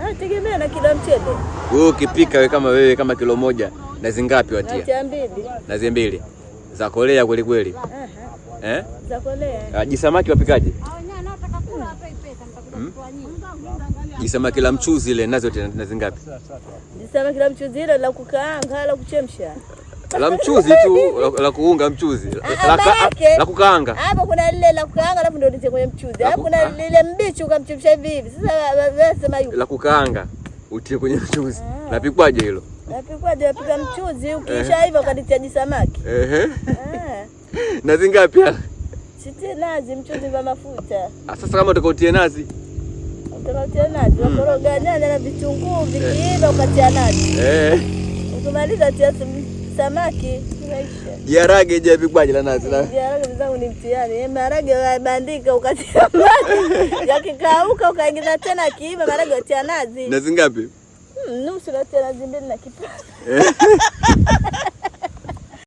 Ah, tegemea na kila mchele. Wewe ukipika we kama wewe kama kilo moja nazi ngapi watia? Nazi mbili za kolea kweli kweli. Eh? Za kolea. Ah, jisamaki wapikaje? Ah, hmm? Jisamaki la mchuzi ile nazo nazi ngapi? Jisamaki la mchuzi ile la kukaanga la kuchemsha la mchuzi tu la kuunga mchuzi ah, ah, la kukaanga. Hapo kuna lile la kukaanga, alafu ndio ndio kwenye mchuzi, Hapo kuna lile mbichi ukamchemsha hivi hivi. Sasa wanasema yuko la kukaanga utie kwenye mchuzi. Ah. Napikwaje hilo? Napikwaje? Napika mchuzi, ukisha eh. hivyo ukaditia samaki. Ehe, nazi ngapi? Sitie nazi, mchuzi wa mafuta. Sasa kama utakaotie nazi utakaotia nazi hmm. wakoroga nyanya na vitunguu, eh. vikiiva ukatia nazi, eh. ukimaliza tia samaki jarage javikwaje la nazi na jarage zangu ni mtihani. Maharage wabandika ukatia maji yakikauka ukaingiza tena kiiva maharage watia nazi. Nazi ngapi? Hmm, nusu natia nazi mbili na kipande eh.